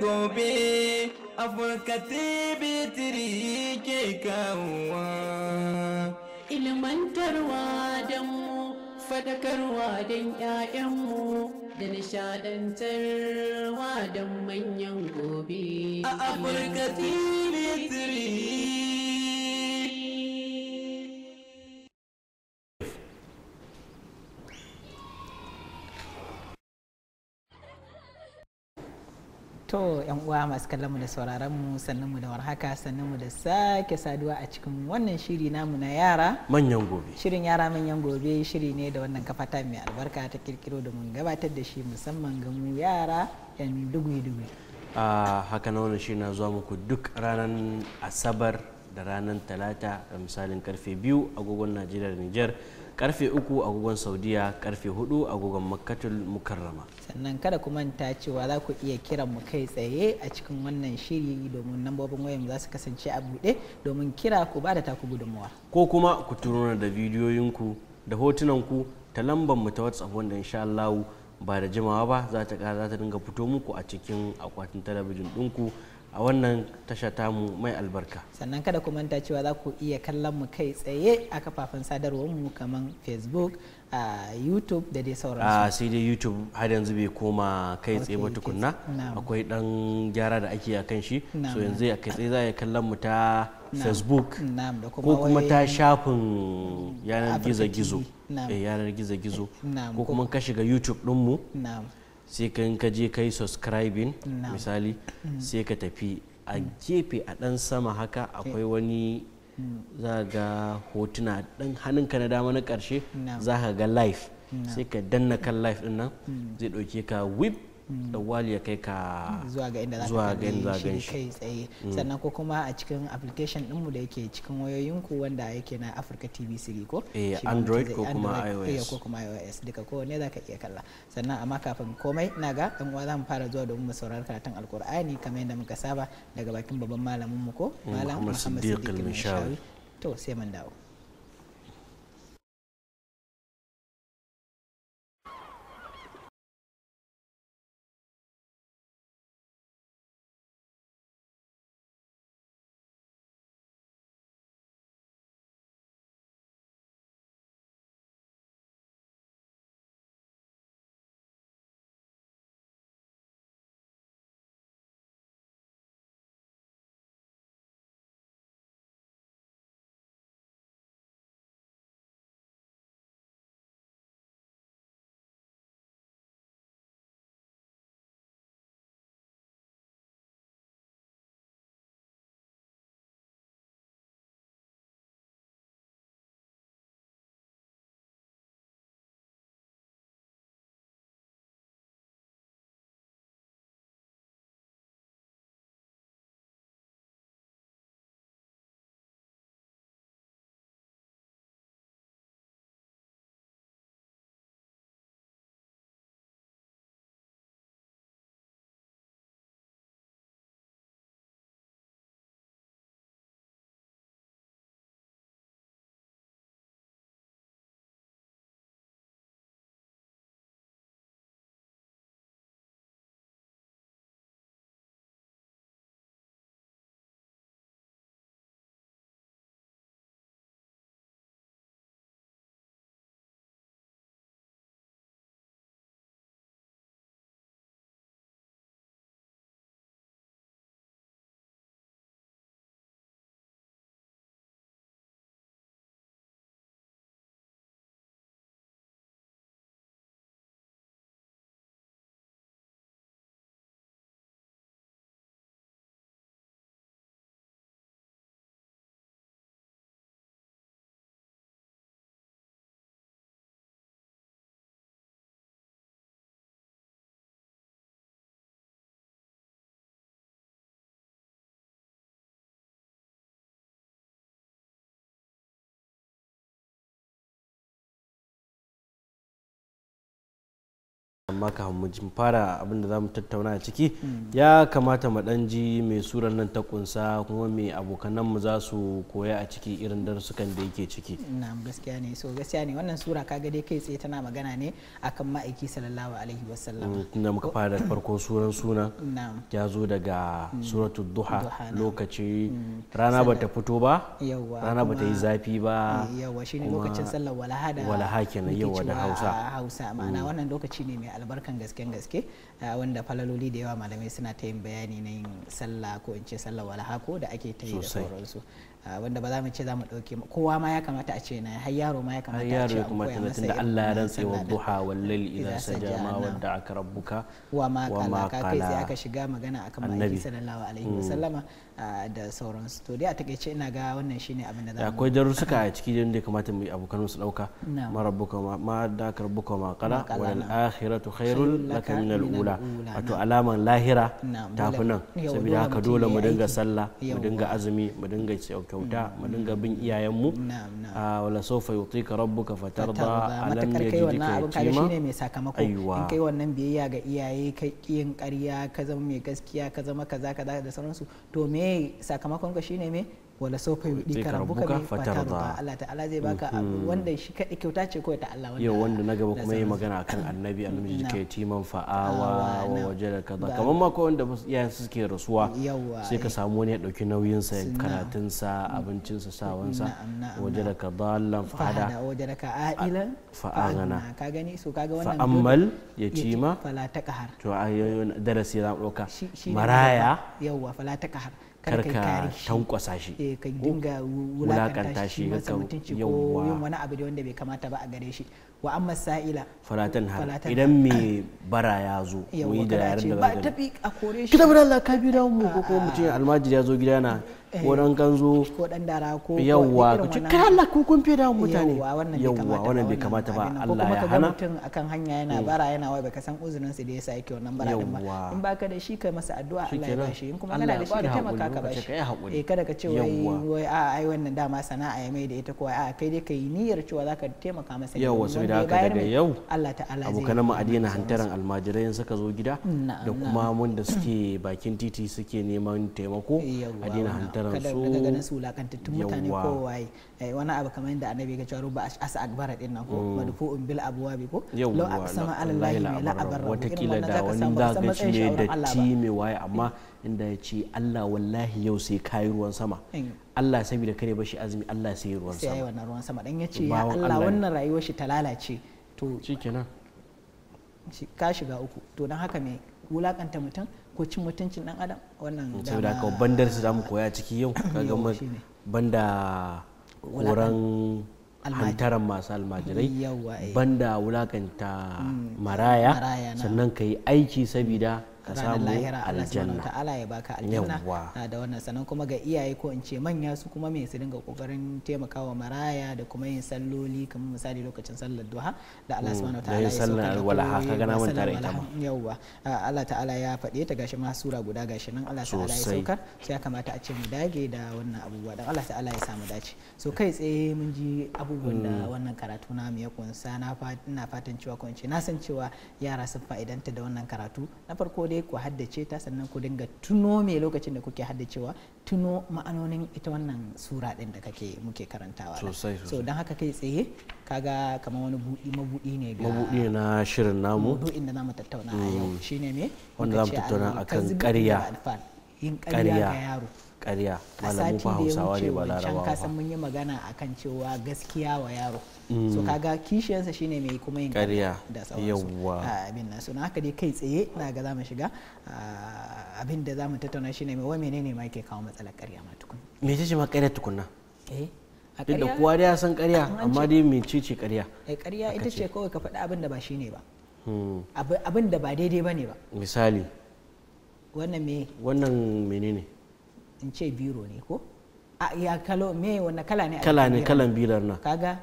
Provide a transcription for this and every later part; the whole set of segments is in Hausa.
gobe fulkati bitiri ke kawowa ilmantarwa don mu fadakarwa don 'ya'yanmu da nishadantarwa don manyan gobe a afirkati bitiri To yan uwa masu kallon da sauraron mu sannan da warhaka sannan mu da sake saduwa a cikin wannan shiri namu na yara manyan gobe. Shirin yara manyan gobe shiri ne da wannan kafata mai albarka ta kirkiro da mun gabatar da shi musamman ga mu yara yan dugwi-dugwi. A haka na wannan shirin na zuwa muku duk ranar Asabar da ranar Talata a misalin karfe biyu agogon Najeriya da Nijar. karfe uku agogon saudiya karfe hudu agogon makkatul mukarrama sannan kada ku manta cewa za ku iya kiran mu kai tsaye a cikin wannan shiri domin nambobin wayan za su kasance a buɗe domin kira ku ba da taku gudunmuwa ko kuma ku turo da bidiyoyinku da hotunanku ta lambar mu ta whatsapp wanda insha Allah ba da jimawa ba za ta dinga fito muku a cikin akwatin talabijin ɗinku a wannan tasha tamu mai albarka sannan kada ku manta cewa za ku iya kallon mu kai tsaye a kafafen sadarwar mu kamar facebook a youtube da dai sauransu a sai dai youtube har yanzu bai koma kai tsaye ba tukunna akwai dan gyara da ake a kan shi so yanzu a kai tsaye za a kallon mu ta facebook ko kuma ta shafin yanar gizo-gizo eh, ko kuma ka shiga youtube din mu. sai ka ka je kayi yi subscribing misali mm. sai ka tafi a mm. gefe a ɗan sama haka akwai wani mm. za ga hotuna ɗan hannunka na dama na ƙarshe za ka ga live sai ka danna kan live ɗin nan zai ɗauke ka whip Dawali mm. ya kai ka zuwa ga inda za ka gani shi kai tsaye mm. sannan ko kuma a cikin application dinmu da yake cikin wayoyinku wanda yake na Africa TV Siri ko eh, Android ko kuma iOS eh, ko kuma iOS duka ko ne za ka iya kalla sannan amma kafin komai na ga dan uwa za mu fara zuwa domin mu saurari karatun alkur'ani kamar yadda muka saba daga bakin babban malamin mu ko mm, malam Muhammad Siddiq Mishawi to sai mun dawo amma ka mu fara abin da zamu tattauna a ciki mm. ya kamata mu dan ji mai surar nan ta kunsa kuma mai abokanan mu za su koya a ciki irin darsukan da yake ciki na'am gaskiya ne so gaskiya ne wannan sura kaga dai kai tsaye tana magana ne akan ma'aiki sallallahu alaihi wasallam mm, tunda muka fara farko suran suna ya zo daga mm. suratul duha lokaci rana bata fito ba rana bata yi zafi ba eh, yawa shine lokacin sallar walahada walaha kenan yawa da Hausa Hausa ma'ana wannan lokaci ne mai albarkan gasken gaske ah, wanda falaloli da yawa malamai suna ta yin bayani na yin sallah ko in ce sallah wala hako da ake ta yi da sauransu ah, wanda ba za mu ce za mu ɗauke kowa ma ya kamata a ce na har yaro ma ya kamata a ce an koya masa irin Allah ya rantsa wa duha wallal idan saja ma wadda aka rabbuka wa ma kala kai sai aka shiga magana akan annabi sallallahu alaihi mm. wasallama da sauransu to dai a takaice ina ga wannan shine abin da zamu akwai darussuka a ciki da kamata mu abokan su dauka ma rabbuka ma daka rabbuka ma qala al akhiratu khairul laka min al ula wato alaman lahira tafi nan saboda haka dole mu dinga sallah mu dinga azumi mu dinga kyauta mm, mu dinga mm, bin mm. iyayen mu wala sawfa yutika rabbuka fatarda alam yajidika yatima shine mai sakamako in kai wannan biyayya ga iyaye kai kiyin ƙarya ka zama mai gaskiya ka zama kaza kaza da sauransu to me me sakamakon ka shine me wala sofa yudi ka rabbuka wanda ka kyauta ce ta Allah wanda wanda na gaba kuma yi magana akan annabi annabi ke timan fa'awa wa da kaza kamar ma kawai wanda yayin suke rasuwa sai ka eh. samu wani ya dauki nauyin sa karatun sa abincin sa sawan sa ka dallan fa'ada ka a'ilan fa'agana ka gani so kaga wannan fa'ammal fala to darasi za mu dauka maraya kar ka tankwasa shi eh, ka dinga wulakanta shi ka yin wani abu da wanda bai kamata ba a gare shi wa amma sa'ila falatan har idan me bara ya zo mu yi da yaran da ba tafi a kore shi kitabar Allah ka bi da mu ko mutum almajiri ya zo gida Eh, ko dan ganzo ko dan dara ko yawwa ku ci kala ku kun fi da mutane yawwa wannan bai kamata ba Allah ya hana mutum akan hanya yana bara yana wai baka san uzurin sa da yasa yake wannan bara din ba in baka da shi kai masa addu'a Allah ya bashi in kuma kana da shi ka taimaka ka bashi eh kada ka ce wai wai a ai wannan dama sana'a ya mai da ita ko a kai dai kai niyyar cewa zaka taimaka masa yawwa sai da ka daga yau Allah ta'ala zai abokan mu adina hantaran almajirai suka zo gida da kuma da suke bakin titi suke neman taimako adina hantaran kada daga ganin su wulakantattun mutane ko waye eh, wani abu kamar yadda annabi ga cewa ruba sa akbara din nan ko in mm. bil bi ko lau a sama allahi mai la'abar rabu wata kila da wani zaka ne da ci mai waye amma inda ya ce Allah wallahi yau sai kayi ruwan sama Allah saboda kare bashi azumi Allah sai ruwan sama sai wannan ruwan sama dan ya ce ya Allah wannan rayuwar shi ta lalace to shikenan ka shiga uku to dan haka me wulakanta mutum ko cin mutuncin dan adam wannan mm, saboda haka babban su zamu koya ciki yau kaga mun banda koran hantaran masu almajirai eh. banda wulakanta mm, maraya sannan ka aiki sabida ranar lahira Allah subhanahu ta'ala ya baka aljanna ah, da wannan sannan kuma ga iyaye ko in ce manya su kuma me su dinga kokarin taimakawa maraya da kuma yin salloli kamar misali lokacin sallar duha da Allah mm, subhanahu ta'ala ya sallar walaha ka na mun tare ita yawa ah, Allah ta'ala ya fade ta gashi ma sura guda gashi nan Allah ta'ala ya saukar sai ya kamata a ce mu dage da wannan abubuwa dan Allah ta'ala ya samu dace so kai tsaye mun ji abubuwan da mm. wannan karatu na mu ya kunsa na fatan cewa ko in ce na san cewa yara sun fa'idanta da wannan karatu na farko dai dai ku haddace ta sannan ku dinga tuno me lokacin da kuke haddacewa tuno ma'anonin ita wannan sura din da kake muke karantawa sosai so don haka kai tsaye kaga kamar wani buɗi mabuɗi ne ga mabuɗi na shirin namu mabuɗin da zamu tattauna a yau mm. shine me wanda zamu tattauna akan ƙarya yin ƙarya ga yaro karya malamu ba hausawa ne ba larabawa ka san mun yi magana akan cewa gaskiya wa yaro mm. so kaga kishiyarsa shine mai kuma yin ƙarya da sauransu ah, abin nan na haka dai kai tsaye na ga zamu shiga ah, abin da zamu tattauna shine mai wai menene ma yake kawo matsalar ƙarya ma tukun me ce ma ƙarya tukunna eh duk da kowa ya san karya amma dai me ce karya. a eh ita ce kawai ka faɗi abin da ba shine ba hmm. abin da ba daidai ba ne ba misali wannan me wannan menene in ce biro ne ko a ya kalo me wanda kala ne kala ne kalan bilar na. kaga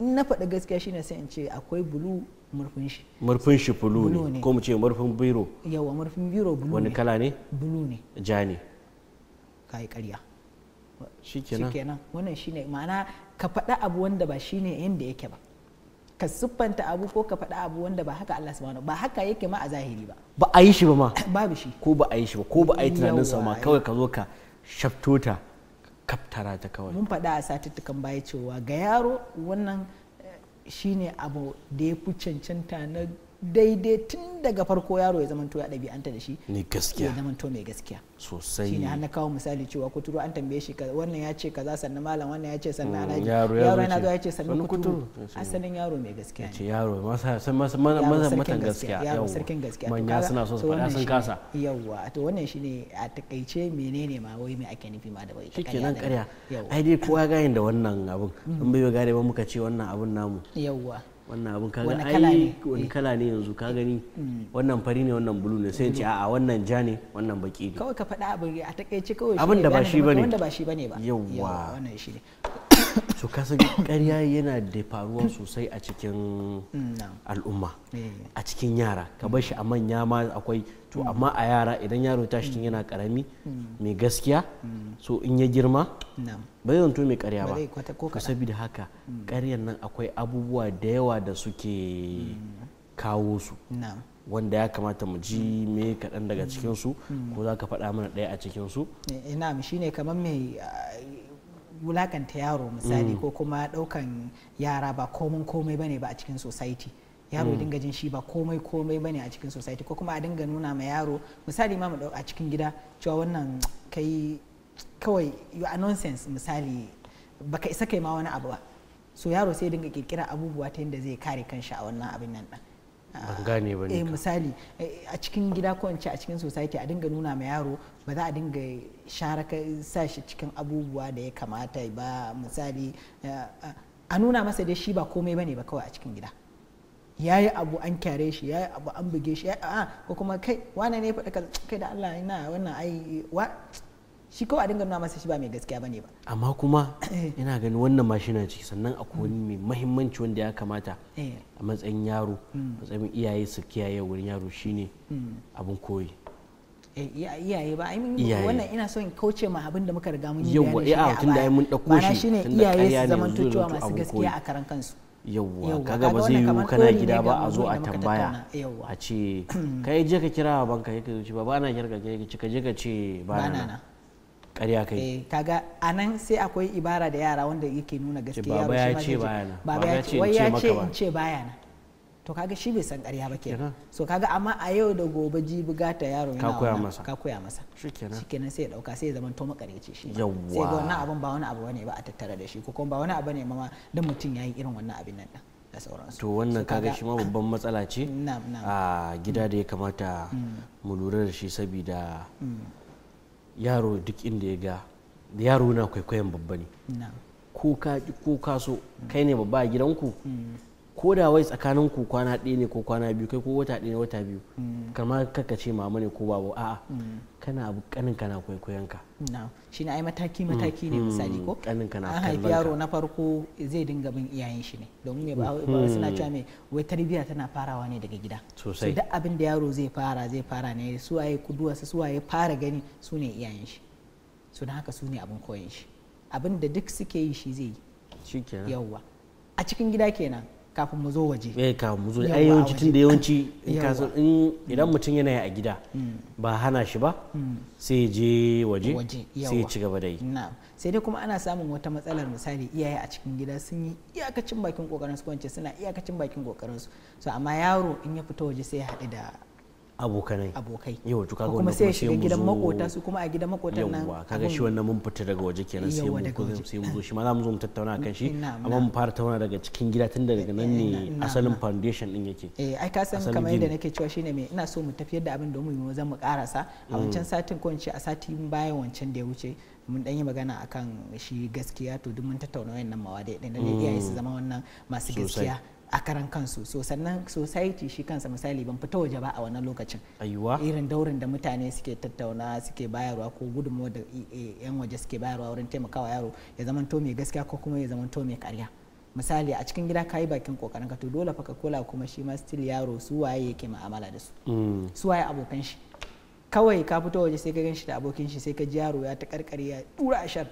in na faɗi gaskiya shine sai in ce akwai bulu murfin shi murfin shi bulu ne ko mu ce murfin biro yawa murfin biro bulu ne wani kala ne bulu ne ja ne kai ƙarya kenan wannan shine ma'ana ka faɗa abu wanda ba shine yanda yake ba ka siffanta abu ko ka faɗa abu wanda ba haka Allah subhanahu ba haka yake ma a zahiri ba ba a yi shi ba ma babu shi ko ba a yi shi ba ko ba a yi tunanin sa ma kawai ka zo ka shaftota kaftara ta kawai mun faɗa a satuttukan baya cewa ga yaro wannan eh, shine abu da ya fi cancanta na daidai tun daga farko yaro ya zamanto ya ɗabi'anta da shi ne gaskiya ya zamanto mai gaskiya sosai shine har na kawo misali cewa kuturu an tambaye shi wannan ya ce kaza sannan malam wannan ya ce sannan mm, alhaji yaro yana zuwa ya ce sannan kuturu asalin yaro mai gaskiya ne yaro masa matan gaskiya yaro sarkin gaskiya manya suna so su faɗa sun kasa yawa to wannan shine a takaice menene ma wai me ake nufi ma da bai nan ƙarya ai dai kowa gayin da wannan abun in bai gare ba muka ce wannan abun namu yawa wannan abin kaga ai wani eh. kala ne yanzu ka gani hmm. wannan fari ne wannan bulu ne sai ce hmm. a'a wannan ja ne wannan baki ne kawai ka faɗa abin a takaice kawai abin da ba shi bane wanda ba shi bane ba yawa wannan shi ne so kasan karya yana da faruwa sosai a cikin mm, al'umma eh. a cikin yara ka bar shi a manya ma akwai to mm. amma a yara idan yaro ta shi mm. yana karami mai gaskiya so in ya girma ba zai zanto mai karya ba ko saboda haka karyan nan akwai abubuwa da yawa da suke kawo su wanda ya kamata mu ji me kaɗan daga cikinsu ko za ka faɗa mana ɗaya a cikinsu ina eh, eh, shi ne kamar mai wulakanta yaro misali mm. ko kuma daukan yara ba komai komai bane ba a cikin society yaro mm. dinga jin shi ba komai komai bane a cikin society ko kuma a dinga nuna ma yaro misali ma mu a cikin gida cewa wannan kai kawai you are nonsense misali baka isa kai ma wani abu ba so yaro sai dinga kirkira abubuwa ta yadda zai kare kansa a wannan abin nan gane ba eh, misali eh, a cikin gida ko a cikin society a dinga nuna ma yaro ba za a dinga ka sa shi cikin abubuwa da ya kamata ba misali eh, a nuna masa dai shi ba komai bane ba kawai a cikin gida ya yi abu an kyare shi ya yi abu an buge shi ko kuma kai wane ne faɗi kai da Allah ina wannan ai shi kawai a dinga nuna masa shi ba mai gaskiya bane ba amma kuma eh. ina ganin wannan mashina ciki sannan akwai wani mai mahimmanci wanda ya kamata eh. a matsayin yaro hmm. matsayin iyaye su kiyaye wurin yaro shine hmm. abin koyi eh, iyaye ba wannan ina son kauce ma abin da muka riga mun yi bayani shi a ai mun dauko shi shine iyaye su zaman cewa masu gaskiya a karan kansu yawwa kaga ba zai yiwu kana gida ba a zo a tambaya a ce kai je ka kira banka yake zuci ba bana kirka ke ka je ka ce ba na ƙarya kai eh, kaga anan sai akwai ibara da yara wanda yake nuna gaskiya baba ya ce bayana baba ya ce wai ya ce in ce bayana to kaga shi bai san ƙarya ba ke so kaga amma a yau da gobe buga ta yaro yana koya masa ka koya masa shikenan shikenan sai ya dauka sai ya zama to makareci shi sai ga wannan abun ba wani abu bane ba a tattara da shi ko kuma ba wani abu ne ma dan mutum yayi irin wannan abin nan da sauransu to wannan kaga shi ma babban matsala ce a gida da ya kamata mm. mu lura da shi saboda mm. yaro duk inda ya ga da yaro na kwaikwayon babba ne ko ka so kai ne babba a gidanku mm. ko da wai tsakanin ku kwana ɗaya ne ko kwana biyu kai ko wata ɗaya ne wata biyu mm. kamar kaka ce mama ne ko babu a'a mm. kana abu kanin kana kwaikwayon ka shi na ai mataki mataki ne mm, misali ko kanin kana an haifi yaro na farko zai dinga bin iyayen shi ne domin me ba mm-hmm. suna cewa me wai tarbiyya tana farawa ne daga gida sosai duk abin da yaro zai fara zai fara ne su waye kuduwa su waye fara gani su ne iyayen shi su na haka su ne abin koyon shi abin da duk suke yi shi zai yi yawwa a cikin gida kenan kafin mu zo waje eh kafin mu zo ai yawanci tun da yawanci in idan mutum yana a gida mm. ba hana shi ba mm. sai je waje sai ci gaba da yi sai dai kuma ana samun wata matsalar misali iyaye a cikin gida sun yi iyakacin bakin kokarin su kwance suna iyakacin bakin kokarin su so amma yaro in ya fita waje sai ya haɗu da abokanai abokai yawa to kaga kuma sai shiga gidan makota su kuma a gidan makotan nan yawa kaga shi wannan mun fita daga waje kenan sai mu ko sai mu zo shi ma za mu zo mu tattauna kan shi amma mu fara tauna daga cikin gida tun daga nan ne eh, asalin foundation din yake eh ai ka san kamar yadda nake cewa shine me ina so mu tafiyar da abin da mu zan mu karasa a mm. wancan satin ko a satin bayan wancan da ya wuce mun dan yi magana akan shi gaskiya to duk mun tattauna wayannan mawadi din da mm. iyaye su zama wannan masu gaskiya a karan kansu so sannan society shi kansa misali ban fita waje ba a wannan lokacin ayuwa irin daurin da mutane suke tattauna suke bayarwa ko gudunmawa da yan waje suke bayarwa wurin taimakawa yaro ya to mai gaskiya ko kuma ya to mai karya misali a cikin gida kayi bakin kokarin ka to dole fa ka kula kuma shi ma still yaro su waye yake mu'amala da su mm. su waye abokan shi kawai ka fito waje sai ka gan shi da abokin shi sai ka ji yaro ya ta karkare ya dura ashar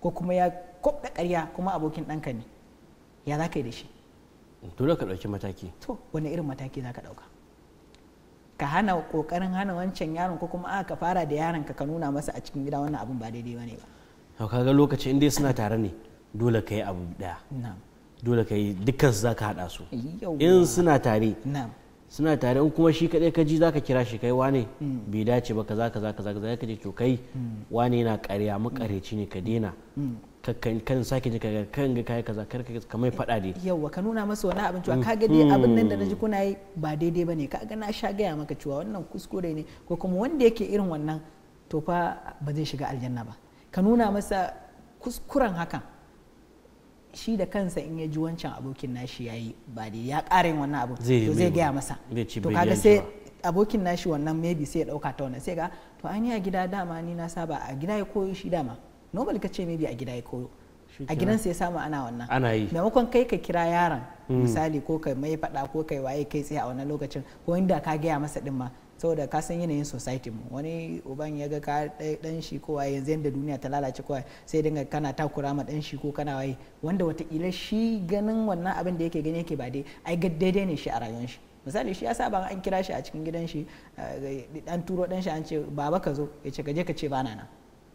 ko kuma ya kwabda karya kuma abokin ɗanka ne ya za ka yi da shi dole ka ɗauki mataki to wani irin mataki za ka ɗauka ka hana ƙoƙarin hana wancan yaron ko kuma aka fara da yaron ka ka nuna masa a cikin gida wannan abin ba daidai bane ba to kaga lokaci inda suna tare ne dole ka yi abu daya dole ka yi dukkan su zaka haɗa su in suna tare suna tare in kuma shi kaɗai ka ji zaka kira shi kai wane hmm. bai dace ba kaza kaza kaza kaza ka je to kai hmm. wane yana ƙarya ƙareci ne ka daina hmm. kan sake ji kaga kan ga kai kaza kar mai fada dai yawa ka nuna masa wani abin cewa kaga dai abin nan da naji kuna yi ba daidai bane kaga na sha gaya maka cewa wannan kuskure ne ko kuma wanda yake irin wannan to fa ba zai shiga aljanna ba ka nuna masa kuskuren hakan shi da kansa in ya ji wancan abokin nashi yayi ba dai ya ƙara yin wannan abin to zai gaya masa to kaga sai abokin nashi wannan maybe sai ya dauka ta wannan sai ga to an yi a gida dama ni na saba a gida ya koyo shi dama normal ka ce maybe a gida ya koyo a gidansa ya samu ana wannan ana yi maimakon kai ka kira yaron hmm. misali ko kai mai faɗa ko kai waye kai tsaye a wannan lokacin ko inda ka gaya masa din ma saboda ka san yanayin society mu wani uban ya ga ka dan shi ko waye yanzu yanda duniya ta lalace ko sai dinga kana takura ma dan shi ko kana waye wanda watakila shi ganin wannan abin da yake gani yake ba dai ai ga daidai ne shi a rayuwar shi misali shi ya saba an kira shi a cikin gidan shi dan eh, turo dan shi an ce baba ka zo ya ce ka je ka ce bana nan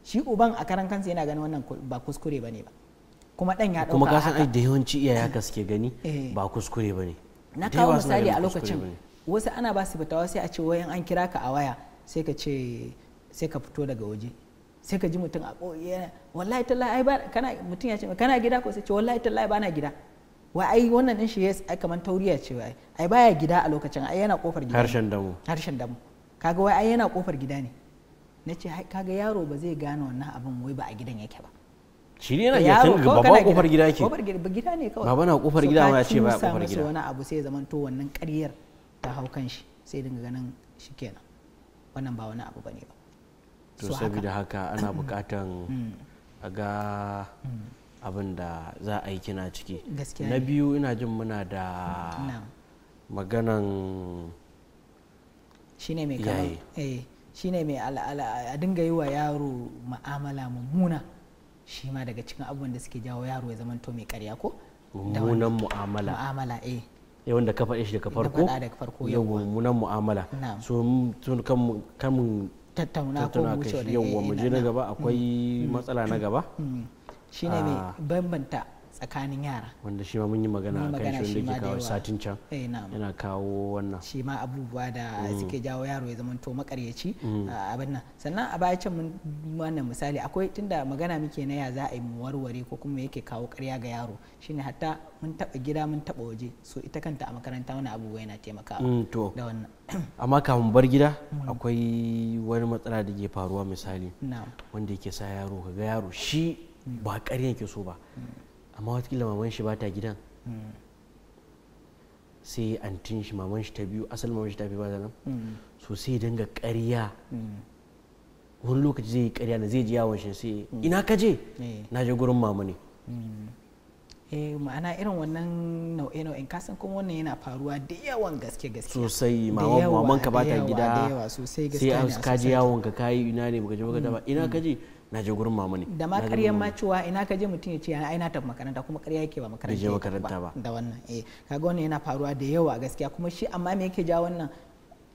shi uban a karan kansa yana ganin wannan ba kuskure bane ba kuma dan ya dauka kuma kasan da yawanci iyaye ka suke gani eh. ba kuskure bane na kawo misali a lokacin wasu ana ba su fitawa sai a ce wayan an kira ka a waya sai ka ce sai ka fito daga waje sai ka ji mutum a ɓoye wallahi tallahi ba kana mutum ya ce kana gida ko sai ce wallahi tallahi ba na gida wa ai wannan din shi ya ai kaman tauriya ce ai ai baya gida a lokacin ai yana kofar gida harshen damu harshen damu kaga wai ai yana kofar gida ne na ce kaga yaro ba zai gane wannan abin wai ba a gidan yake ba shi ne yana iya can babban kofar gida ke? kofar gida ne kawai baba na kofar gida ma ya ce ba kofar gida wani abu sai zaman to wannan ƙaryar ta hau kan shi sai dinga ganin shi kenan wannan ba wani abu bane ba to saboda haka ana mm. bukatan mm. a ga mm. abin da za a yi kina ciki na biyu ina jin muna da maganan shine mai kawo ne mai al'ala a dinga yi wa yaro ma'amala mummuna shi ma daga cikin abubuwan da suke jawo yaro ya zama to mai karya ko mummunan mu'amala mu'amala eh yau eh, da ka faɗe shi daga farko daga farko yawa mummunan mu'amala so tun kan mu tattauna ko wuce da yawa mu eh, je na gaba akwai mm. matsala na gaba mm. Shi ne mai ah. bambanta tsakanin yara wanda shi ma mun yi magana a kan shi wanda ke kawo satin can eh, yana kawo wannan shi ma abubuwa da mm. suke jawo yaro ya zama to makaryaci mm. abin nan sannan a baya can mun wannan misali akwai tunda magana muke na ya za a yi mu warware ko kuma yake kawo karya ga yaro shine hatta mun taba gida mun taba waje so ita kanta a makaranta wani abubuwa yana taimakawa mm, da wannan amma kafin bar gida akwai wani matsala da ke faruwa misali wanda yake sa yaro ga yaro shi ba ƙarya ke so ba amma watakila maman shi ba ta gidan hmm. sai antin shi maman shi ta biyu asali maman shi ta biyu ba nan hmm. so sai dinga karya. Hmm. wani lokaci zai yi karya na zai ji yawon shi sai ina ka je eh. na je gurin mama ne eh ma'ana irin wannan nau'e nau'in kasan kuma wannan yana faruwa da yawan gaske gaske sosai maman ka ba ta gida sai ka je yawon ka kayi ina ne baka je baka ba ina ka je na je gurin mama ne da ma ƙaryar ma cewa ina ka je mutum ya ce ai na tafi makaranta kuma ƙarya yake ba makaranta ba makaranta ba da wannan eh kaga wannan yana faruwa da yawa gaskiya kuma shi amma me yake ja wannan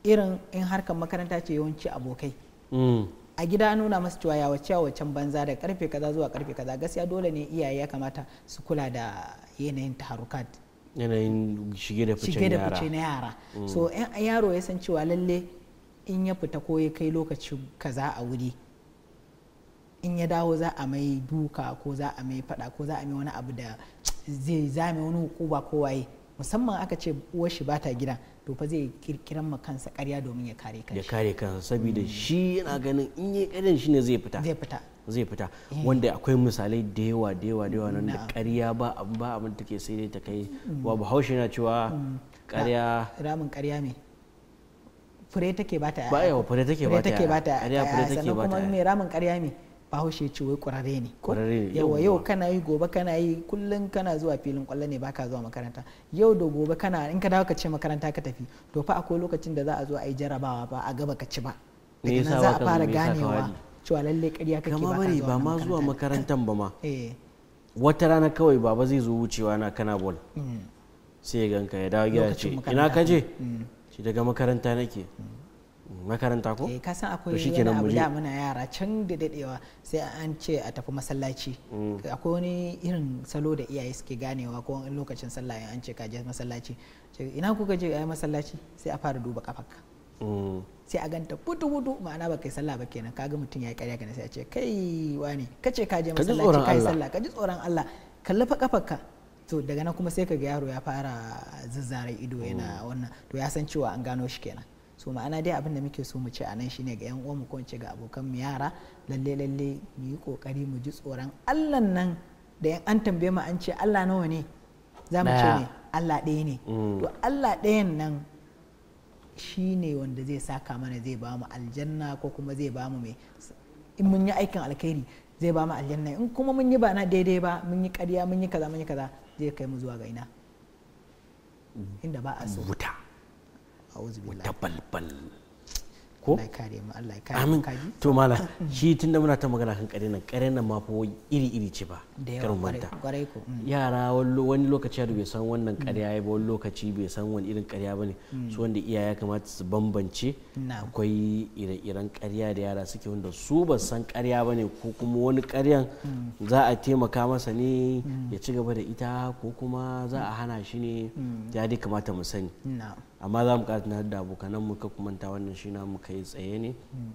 irin in harkar makaranta ce yawanci abokai mm. a gida nuna masu cewa ya wace wacan banza da karfe kaza zuwa karfe kaza gaskiya dole ne iyaye ya kamata su kula da yanayin taharukat yanayin shige da fice na yara mm. so yaro ya san cewa lalle in ya fita ko ya kai lokaci kaza a wuri in ya dawo za a mai duka ko za a mai fada ko za a mai wani abu da zai zame wani hukuma ko waye musamman aka ce uwar shi bata gida to fa zai kirkiran ma kansa karya domin ya kare kansa ya kare kansa saboda shi yana ganin in yi ƙarya shi ne zai fita zai fita zai fita eh. wanda akwai misalai da yawa da yawa da yawa nan da ƙarya ba abu ba abin take sai dai ta kai mm. wa bahaushe na cewa mm. ƙarya ramin ƙarya me fure take bata ba yawa fure take bata fure take bata ƙarya fure take bata sannan kuma me ramin ƙarya me bahaushe ce wai ƙwararre ne yawa yau kana yi gobe kana yi kullum kana zuwa filin kwallo ne baka zuwa makaranta yau da gobe kana in ka dawo ka ce makaranta ka tafi to fa akwai lokacin da za a zo a yi jarabawa ba a gaba ka ci ba daga nan za a fara ganewa cewa lalle ƙarya kake ba bari ba ma zuwa makarantan ba ma eh. wata rana kawai baba zai zo wucewa na kana bol mm. sai ya ganka ya dawo gida ce ina ka je mm. shi daga makaranta nake mm. makaranta ko eh, ka san akwai wani abu da muna yara can da dadewa sai an ce a tafi masallaci mm. akwai wani irin salo da iyaye suke ganewa ko lokacin sallah an ce ka je masallaci ina kuka je a masallaci sai a fara duba kafarka mm. sai a ganta hudu hudu ma'ana ba kai sallah ba kenan kaga mutum ya yi karya ka sai a ce kai wani Ka ce ka je masallaci yi sallah ka ji tsoron Allah kalla fa kafarka to daga nan kuma sai ga yaro ya fara zazzare ido yana mm. wannan to ya san cewa an gano shi kenan so ma'ana dai abin da muke so mu ce a nan shine ga yan uwanmu ko ce ga abokan mu yara lalle lalle mu yi kokari mu ji tsoron Allah nan da yan an tambaye mu an ce Allah nawa ne za mu ce ne Allah ɗaya ne mm. to Allah ɗayan nan shine wanda zai saka mana zai ba mu aljanna ko kuma zai ba mu mai in mun yi aikin alkhairi zai ba mu aljanna in kuma mun yi ba na daidai ba mun yi ƙarya mun yi kaza mun yi kaza zai kai mu zuwa ga ina inda ba a so a'udhu billahi tabalbal ko Allah ya kare mu Allah ya kare amin kaji to mala shi tunda muna ta magana kan karenan karenan ma fa iri iri ce ba karin manta mm. yara wani lokaci da bai san wannan mm. ƙarya ba wani lokaci bai san wani irin karya bane mm. su wanda iyaye kamata su bambance akwai ire-iren ƙarya da yara suke wanda su ba san ƙarya bane ko kuma wani karyan za a taimaka masa ne ya ci gaba da ita ko kuma za a hana shi ne ya dai kamata mu sani na'am amma za mu katina da abokanan mu ka kumanta wannan shi na muka yi tsaye ne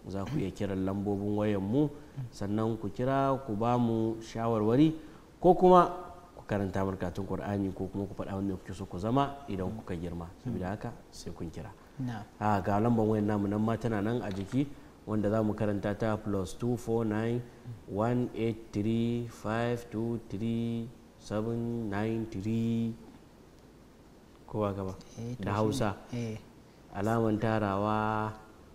za ku iya kiran lambobin wayan mu sannan ku kira ku ba mu shawarwari ko kuma ku karanta markatun qur'ani ko kuma ku faɗa wanda kuke so ku zama idan kuka girma saboda haka sai kun kira a ga lambar wayan namu nan ma tana nan a jiki wanda za mu karanta ta plus 249 183 523 793 kowa gaba eh, da hausa eh. alaman tarawa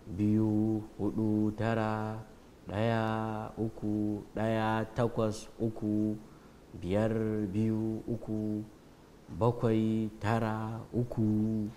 biyu hudu tara daya uku daya takwas uku biyar biyu uku bakwai tara uku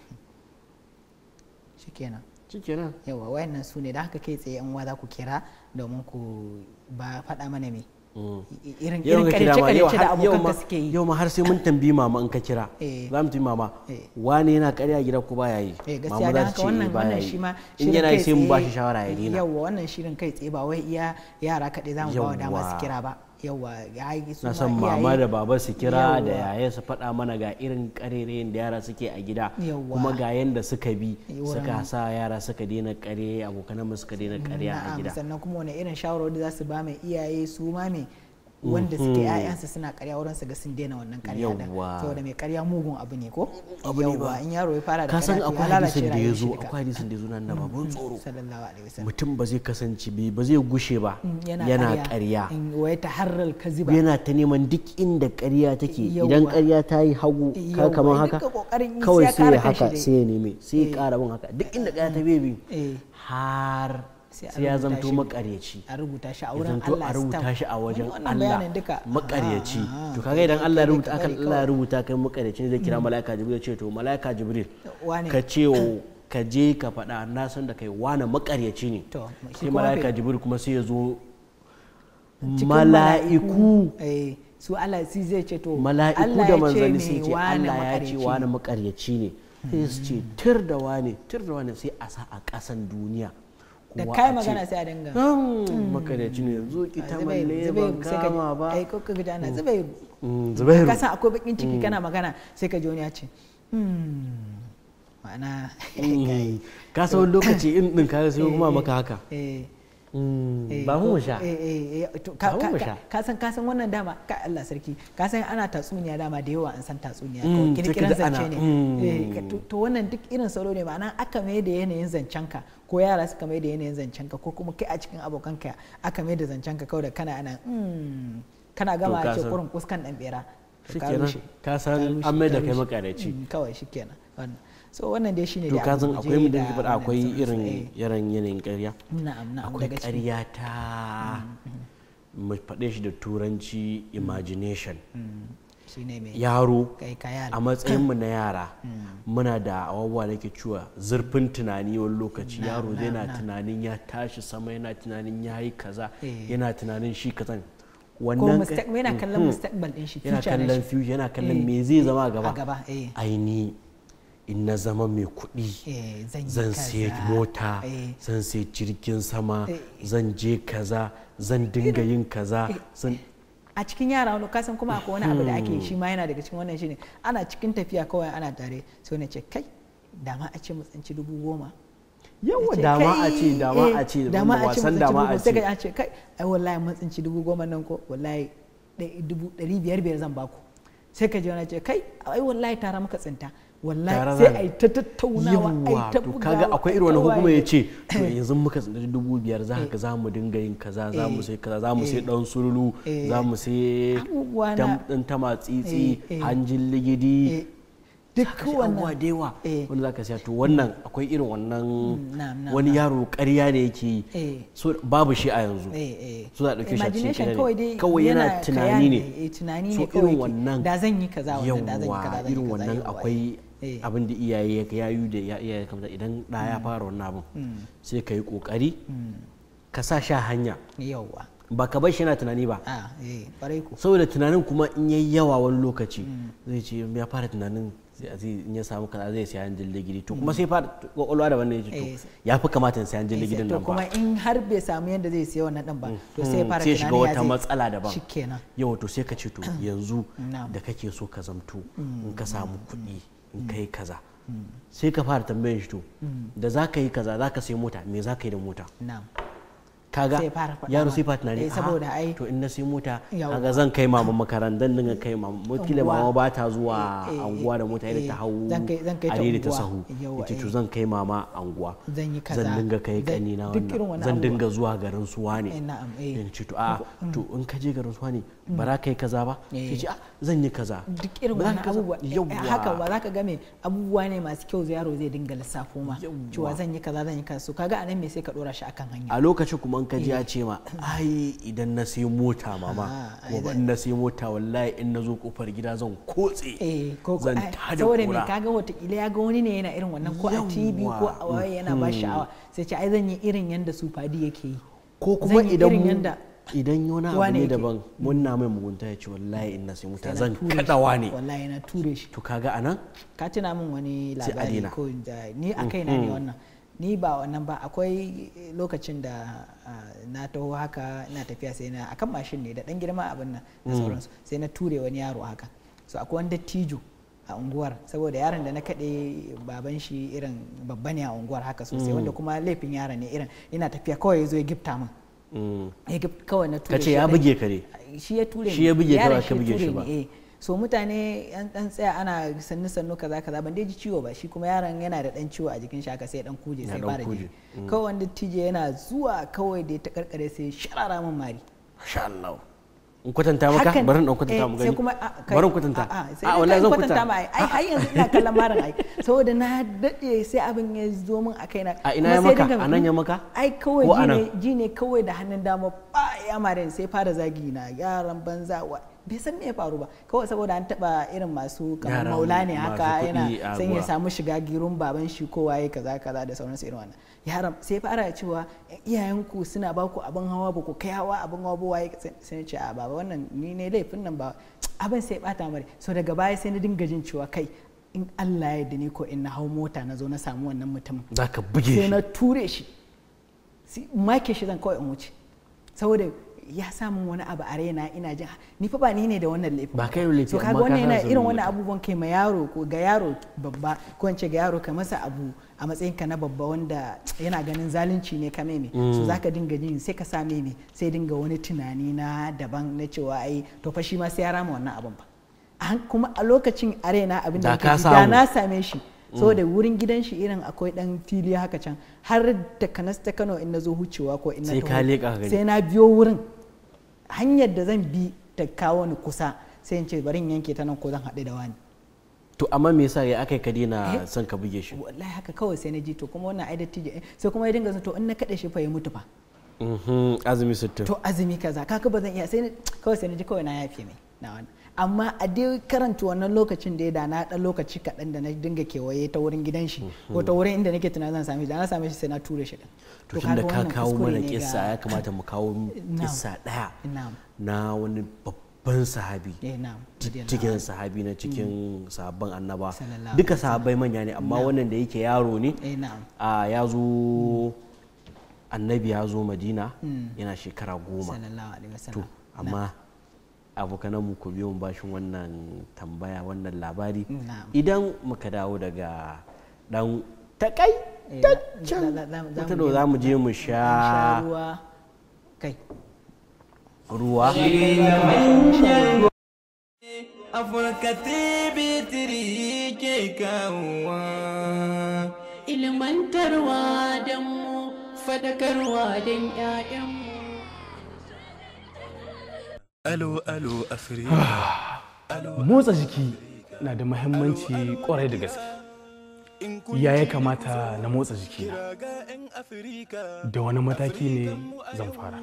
shikenan shikenan yawa wayannan su ne da haka kai tsaye an wa za ku kira domin ku ba faɗa mana me Mm. irin karyace-karyace da abokanka suke yi yau ma har sai mun tambi mama in ka kira eh. za mu tambi mama eh. wani yana karya gida ko baya yi eh, mama za su ce baya yi in yana yi sai mu ba shi shawara ya dina yawa wannan shirin kai tsaye ba wai iya yara kaɗai za mu ba wa dama su kira ba yawa ya yi na san mama da baba su kira da yaya su faɗa mana ga irin ƙarerayen da yara suke a gida kuma ga yanda suka bi suka sa yara suka daina ƙare abokanan mu suka daina ƙarya a gida sannan kuma wani irin shawarwari za su ba mai iyaye su ma mai wanda suke mhm. ƴaƴansu suna karya wurin su ga sun daina wannan karya da saboda mai karya mugun abu ne ko yawwa in yaro ya fara da kasan akwai hadisin da ya zo akwai hadisin da ya zo nan da babun mm-hmm. tsoro mutum ba zai kasance ba zai gushe ba mm, yana karya wai ta harral kaziba yana ta neman duk inda karya take idan karya ta yi hagu ka kamar haka kawai sai ya haka sai ya neme sai ya kara eh. bin haka duk inda karya ta bebe eh. eh. har sai ya zamto makaryaci a rubuta shi a wurin Allah a rubuta shi a wajen Allah makaryaci ah, ah. to kaga idan Allah ya rubuta kan Allah ya rubuta kai makaryaci zai kira mm. malaika jibril ya ce to malaika jibril ka ce ka je ka faɗa na san da kai wani makaryaci ne sai malaika jibril kuma sai ya zo mala'iku eh, su Allah sai zai ce to mala'iku da manzanni sai ce Allah ya ce wani makaryaci ne sai su ce tir da wani tir da wani sai a sa a ƙasan duniya da kai magana sai a dinga mm. makareci ne yanzu ta malle ban kama ba ai kokka gida na mm. zubairu mm, zubairu ka san akwai bakin ciki kana magana sai ka ji wani ya ce hmm, ma'ana ka san lokaci in din ka sai kuma eh, eh, maka haka eh, eh. Eh, hmm, ba mu sha ka san ka san wannan dama ka Allah sarki ka san ana tatsuniya dama da yawa an san tatsuniya ko hmm, kirkiran zance ne hmm. eh, to wannan duk irin sauro ne ma'ana aka mai da yanayin zancen ka ko yara suka mai da yanayin zancen ka ko kuma kai a cikin abokan ka aka mai da zancen ka kawai da kana ana kana gama a ce kurin kuskan dan bera shikenan ka san an mai da kai makareci. kawai shikenan wannan so wannan dai shine da zan akwai mu da faɗa akwai irin yaran eh. yanayin ƙarya akwai ƙarya ta mm-hmm. mu faɗe shi da turanci imagination mm-hmm. yaro a matsayin mu na yara mm. muna da awawa da ke cewa zurfin tunani wani lokaci yaro zai na tunanin ya tashi sama yana tunanin ya yi kaza eh. yana tunanin shi kazan wannan yana mm, kallon mm. mustaqbal din shi yana kallon future yana kallon eh, me zai zama gaba aini in na zama mai kuɗi eh, zan sai mota eh. zan sai jirgin sama eh. zan je kaza zan dinga yin kaza a cikin yara wani kasan kuma akwai wani abu da ake hmm. shi ma yana daga cikin wannan shine ana cikin tafiya kawai ana tare sai wani ce kai dama a ce matsanci dubu goma yawa dama a ce dama a ce dama a ce dama a ce a ce kai ai wallahi mun dubu goma nan ko wallahi dubu ɗari biyar biyar zan baku sai ka ji wani ce kai ai wallahi tara muka tsinta wallahi sai a yi ta tattaunawa a yi ta bugawa kaga akwai irin wani hukuma ya ce to eh. yanzu muka tsinci dubu biyar za ka eh. za mu dinga yin kaza za mu eh. sai kaza za mu sai dan sululu za mu sai dan tama tsitsi hanjin ligidi duk wannan da yawa wanda zaka siya to wannan akwai irin wannan mm, wani yaro ƙarya ne yake yi so babu shi a yanzu so za dauke shi shi cikin ne kawai yana tunani ne so irin wannan da zan yi kaza wannan da zan yi kaza irin wannan akwai Eh. abin da iyaye ya yayu da iyaye kamta idan da ya mm. fara wannan abin mm. sai ka yi ƙoƙari mm. ka sa sha hanya yawa ba ka bar shi yana tunani ba ah, eh, saboda tunanin kuma in yayi yawa wani lokaci zai ce ya fara tunanin in ya samu kaza zai sayan jirgin to kuma sai fara kwakwalwa da wannan ya ce to eh, ya fi kamata sayan jirgin nan ba to kuma in har bai samu yadda zai sayi wannan din ba to sai fara sai shiga wata matsala daban shikenan yau to sai ka ce to yanzu da kake so ka zamto in ka samu kuɗi in kai mm. kaza mm. sai ka fara tambayan shi to mm. da za ka yi kaza za ka sai mota me za ka yi da mota kaga yaro sai fata ne eh, saboda ai to in na sai mota kaga zan kai mama makarantar dinga kai mama kila mama ba ta zuwa eh, eh, anguwa da mota yadda ta hawo a da ta sahu ita to zan kai mama anguwa zan dinga kai kani na wannan zan dinga zuwa garin suwa ne in ci to a to in ka je garin suwa ne Mm. ba za ka yi kaza ba ya eh. ce ah, zan yi kaza duk irin wani abubuwa eh, haka ba za ka game abubuwa ne masu kyau yaro zai dinga lissafo ma cewa zan yi kaza zan yi kaza so kaga anan me sai ka dora shi akan hanya a lokacin kuma in ka ji ya eh. ce ma ai idan na sai mota mama ah, ko ban na sai mota wallahi in na zo kofar gida zan kotse zan tada kura saboda me kaga wata kila ya ga wani ne yana irin wannan ko a TV ko a waye yana ba sha'awa sai ce ai zan yi irin yanda su fadi yake yi ko kuma idan idan wani abu ne daban na mai mugunta ya ce wallahi ina na sai muta zan kadawa ne wallahi na ture shi to kaga anan ka tuna min wani labari ko da ni a mm. na ne mm. wannan ni ba wannan ba akwai lokacin da na taho haka ina tafiya sai na akan mashin ne da dan girma abin nan da mm. sauransu sai na ture wani yaro haka so akwai wanda dattijo a unguwar saboda yaron da na kaɗe baban shi irin babba ne a unguwar haka sosai wanda kuma laifin yaron ne irin ina tafiya kawai ya zo ya gifta min ya eh, kawai na ture shi ya buge kare shi ya ture shi ya buge kawai ka buge shi ba eh. so mutane an dan tsaya ana sannu sannu kaza kaza ban dai ji ciwo ba shi kuma yaron yana da dan ciwo a jikin shi haka sai dan kuje sai fara ji mm. kawai wanda tije yana zuwa kawai da ta karkare sai shararamin mari masha Allah in kwatanta maka barin dan kwatanta mu gani barin kwatanta a ah, wallahi zan kwatanta ma ai har yanzu ina kallon marin ai saboda na dade sai abin ya zo min a kaina a ina ya maka a nan ya maka ai kawai ji ne kawai da hannun dama ba ya marin sai fara zagi na yaran banza wa bai san me ya faru ba kawai saboda an taba irin masu kamar maula ne haka yana sai ya samu shiga girun baban shi ko waye kaza kaza da sauransu irin wannan yaran sai fara cewa iyayenku suna baku ku abin hawa ba ku kai hawa abin hawa ba waye sai ce a baba wannan ni ne laifin nan ba abin sai bata mare so daga baya sai na dinga jin cewa kai in Allah ya ni ko in na hau mota na zo na samu wannan mutumin zaka buge shi sai na ture shi make shi zan kawai in wuce saboda ya samun wani abu a raina ina jin ni fa ba ni ne da wannan laifin ba kai laifin so kaga wannan yana irin wannan abubuwan kai ma yaro ko ga yaro babba ko in ce ga yaro ka masa abu a matsayin ka na babba wanda yana ganin zalunci ne ka meme so mm. zaka dinga jin sai ka same ni sai dinga wani tunani na daban na cewa ai to fa shi ma sai ya rama wannan abun ba kuma a lokacin a raina abin da ka da na same shi mm. So da wurin gidan shi irin akwai dan fili haka can har da kanasta ta Kano in na zo hucewa ko in na sai na biyo wurin hanyar da zan bi ta kawo ni kusa sai in ce bari yanke ta nan ko zan haɗu da wani to amma me yasa ya akai ka dina eh? son ka buge shi wallahi haka kawai sai na ji to kuma wannan aidar tije eh, sai kuma ya dinga to in na kada shi fa ya mutu fa mhm, azumi sittin to azumi kaza kaka ba zan iya sai kawai sai na ji kawai na yafe mai na wannan amma a dai karanta wannan lokacin da ya da na dan lokaci kaɗan da na dinga kewaye ta wurin gidan shi ko mhm. ta wurin inda nake tunanin zan same shi da na same shi sai na tura shi to tun da ka kawo mana kissa ya kamata mu kawo kissa daya na wani babban sahabi eh, cikin sahabi na cikin mm. sahabban annaba duka sahabbai manya ne amma wannan da yake yaro ne eh, a ya zo annabi ya zo madina mm. yana shekara goma to amma mu ku biyo bashin wannan tambaya wannan labari idan muka dawo daga dan takai eh, wata da za mu je mu sha ruwa afirka tibitiri ke kawowa ilmantarwa don mu fadakarwa don 'ya'yanmu Alo, alo, Motsa jiki na da muhimmanci kwarai da gaske. Ya ya kamata na motsa jiki na. Da wani mataki ne zan fara.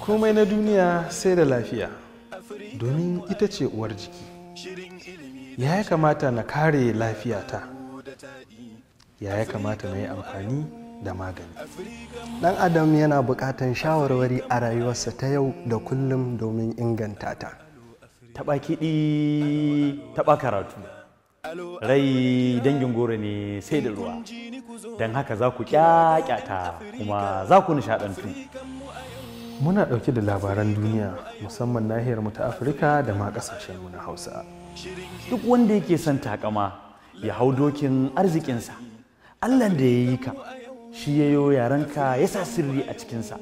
Komai na duniya sai da lafiya, domin ita ce uwar jiki. Ya ya kamata na kare lafiyata. Ya ya kamata na yi amfani da magani dan adam yana buƙatar shawarwari a rayuwarsa ta yau da kullum domin inganta ta taɓa kiɗi taɓa karatu rai dangin goro ne sai da ruwa don haka za ku kyakyata kuma za ku nishaɗantu muna ɗauke da labaran duniya musamman nahiyar mu ta afirka da ma ƙasashen mu na hausa duk wanda yake son takama ya hau dokin arzikinsa allah da ya yi ka shi yayo yarenka ya sa sirri a cikinsa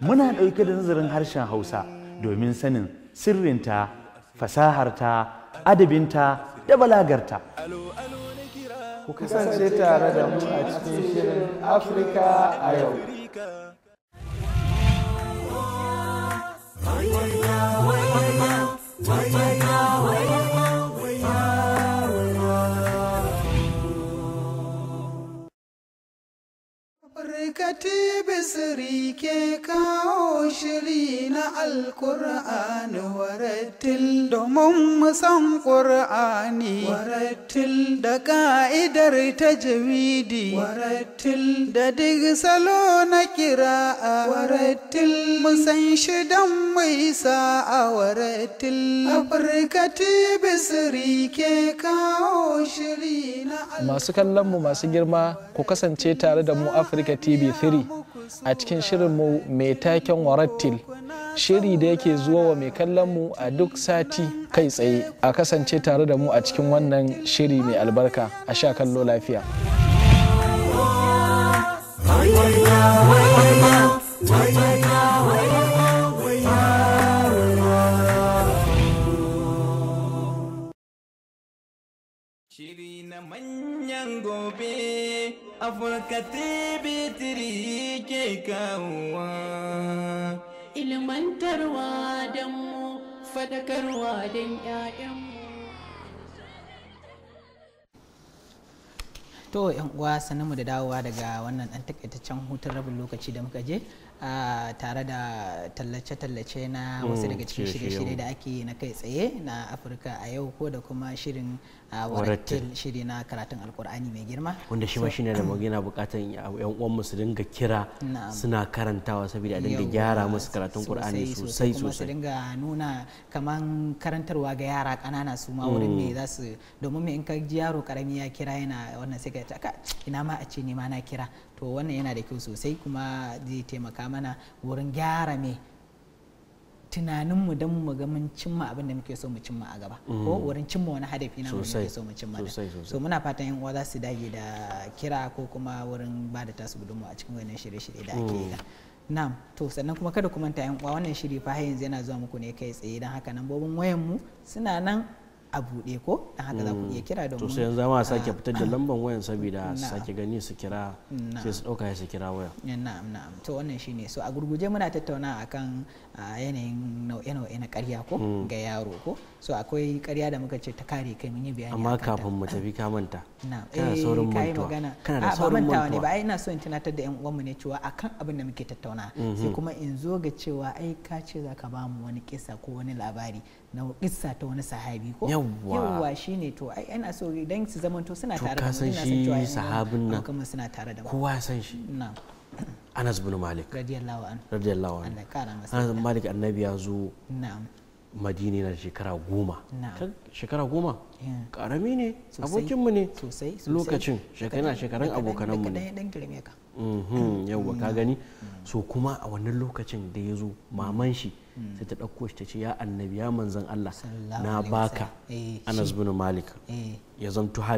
muna ɗauke da nazarin harshen hausa domin sanin sirrinta fasaharta adabinta da balagarta ku kasance tare da mu a cikin shirin afirka a yau katibi siri ke kawo shiri na alkur'ani Waratil, domin musan Kur'ani; Waratil, da ka'idar jawidi Waratil, da duk salo na kira'a waratil musan shidan mai sa'a Waratil, afirka tibi siri ke kawo shiri na Alkur'ani: masu kallon mu masu girma ku kasance tare da mu afirka tv firi a cikin shirinmu mai taken warattil shiri da yake zuwa wa mai kallonmu a duk sati kai tsaye a kasance tare da mu a cikin wannan shiri mai albarka a sha kallo lafiya Shiri na manyan gobe afirkati bitiri ke kawowa ilmantarwa don mu fadakarwa don 'ya'yanmu to yan uwa sanin mu da dawowa daga wannan dan takaitaccen hutun rabin lokaci da muka je tare da tallace-tallace na mm, wasu daga cikin shirye-shirye da ake na kai tsaye na afirka a yau ko da kuma shirin warattil shiri na karatun alkur'ani mai girma wanda shi shi ne da magana bukatan yan uwan su dinga kira suna karantawa saboda dinga gyara musu karatun alkur'ani sosai sosai kuma su dinga nuna kaman karantarwa ga yara kanana su ma wurin ne mm. za su domin mai in ka ji yaro karami ya kira yana wannan sai ka ina ma a ce ni ma na kira to wannan yana da kyau sosai kuma zai taimaka mana wurin gyara mai tunaninmu don mu ga mun cimma abin da muke so mu cimma a gaba ko mm. wurin cimma wani hadafi na wanda muke so mu cimma da so muna fatan yan uwa za su dage da kira ko kuma wurin ba da tasu gudunmu a cikin wannan shirye-shirye da ake yi mm. na'am to sannan kuma kada ku manta yan uwa wannan shiri fa yanzu yana zuwa muku ne kai tsaye don haka nan bobin wayan mu suna nan a buɗe ko dan haka za ku iya mm. kira domin to sai yanzu ma sake fitar da lambar wayan saboda sake gani su kira sai su ɗauka su kira waya eh, na'am na'am to wannan shine so a gurguje muna tattauna akan yanayin nau'e-nau'e na ƙarya ko mm. ga yaro ko so akwai ƙarya da muka ce ta kare kai mun yi bayani amma kafin mu tafi ka manta kana eh, saurin mantuwa kana da saurin mantuwa ne ba ai ina so in tunatar da yan uwanmu ne cewa akan abin da muke tattauna sai mm-hmm. kuma in zo ga cewa ai ka ce za ka ba mu wani kisa ko wani labari na kissa ta wani sahabi ko yawwa shine to ai ana so idan su to suna tare da mu san shi sahabin nan kuma suna tare da mu kowa san shi na'am Anas bin Malik radiyallahu anhu radiyallahu anhu Allah kara masa Anas bin Malik annabi ya zo na'am Madina na shekara goma shekara goma karami ne abokinmu ne lokacin shekara shekaran abokananmu ne mhm. yawwa ka gani mm. so kuma a wannan lokacin da ya zo maman shi Mm. sai ta ɗauko shi ta ce ya annabi ya manzan Allah na baka eh, Anas bin Malik eh. ya zamto ka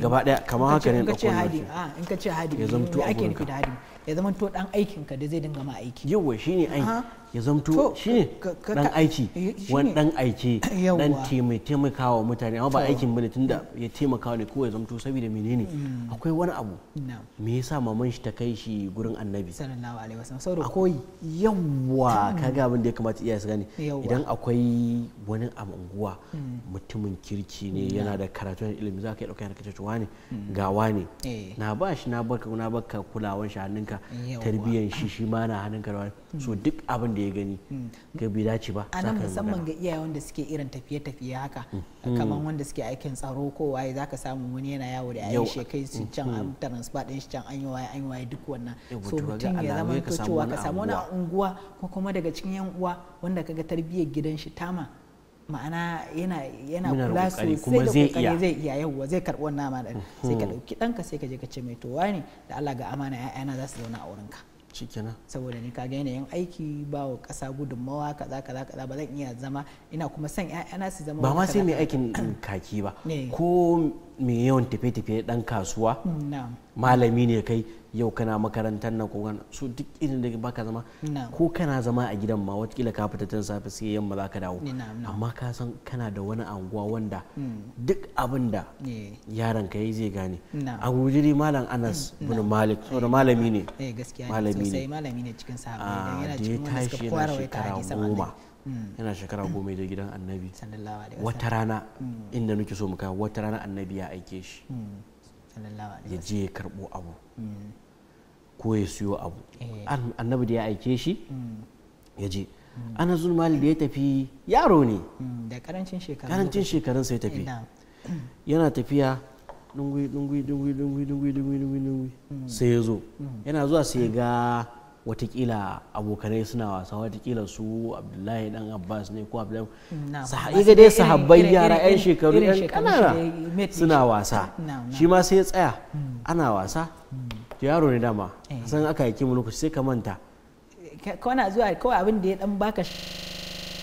gaba daya kamar haka ne ɗauko shi ah, in ka ce hadi ya zamto ake ka ya zamto dan aikin ka da zai dinga ma aiki yawa shine ai ya zamto shine dan aiki eh, wani dan aiki dan taimakawa mutane amma ba aikin bane tunda ya taimakawa ne ko ya zamto saboda menene mm. akwai wani abu me yasa maman shi ta kai shi gurin annabi sallallahu alaihi wasallam saboda koyi yawa abubuwa kaga abin da ya kamata iyaye su gani idan akwai wani a unguwa hmm. mutumin kirki ne hmm. yana da karatu da ilimi za ka yi ɗauka ka tuwa ne hmm. ga ne eh. na ba shi na baka na baka kulawan shi hannunka tarbiyyar shi shi ma na hannunka da wani so duk abin da ya gani ga mm. bai dace ba a nan musamman ga iyaye wanda suke irin tafiye-tafiye haka mm. kamar wanda suke aikin tsaro ko waye zaka samu wani yana yawo da ayi shekai su can mm. an transfer din shi can an yi waye an yi waye duk wannan so mutum ya zama to cewa ka samu wani unguwa ko kuma daga cikin yan uwa wanda kaga tarbiyyar gidan shi tama ma'ana yana yana kula sosai da kokari zai iya yawwa zai karbi wannan amana sai ka mm-hmm. ɗauki ɗanka sai ka je ka ce mai to wani da Allah ga amana 'ya'yana za su zauna a wurinka shikenan saboda ni kaga yanayin aiki ba wa kasa gudunmawa kaza kaza kaza ba zan iya zama ina kuma son ya'yana su zama ba ma sai mai aikin kaki ba eh. ko mai yawan tafe-tafe dan kasuwa malami ne kai yau kana makarantar nan ko kana so duk irin da baka zama ko kana zama a gidan ma watakila ka fita tun safe sai yamma za ka dawo amma ka san kana da wani anguwa wanda hmm. duk abin da eh. yaron ka yi zai gane a gujiri malam anas hmm, bin malik Wani malami eh, ne malami ne cikin da ah, yana cikin wanda suka fara wata hadisa goma Mm. yana shekara goma da gidan annabi wata rana mm. inda nuke so muka wata rana annabi ya aike shi mm. ya je ya karbo abu ko ya siyo abu eh. annabi da ya aike shi ya je ana zulmal da ya tafi yaro ne da karancin shekarun sai tafi yana tafiya dungui dungui dungui dungui dungui dungui sai ya zo yana zuwa sai ga watakila abokanai suna wasa watakila su abdullahi dan abbas ne ko abdullahi sahabi dai sahabbai yara yan shekaru yan kanana suna wasa shi ma sai ya tsaya hmm. ana wasa hmm. yaro ne dama eh. san aka yake mu lokaci sai ka manta kana zuwa kawai abin da ya dan baka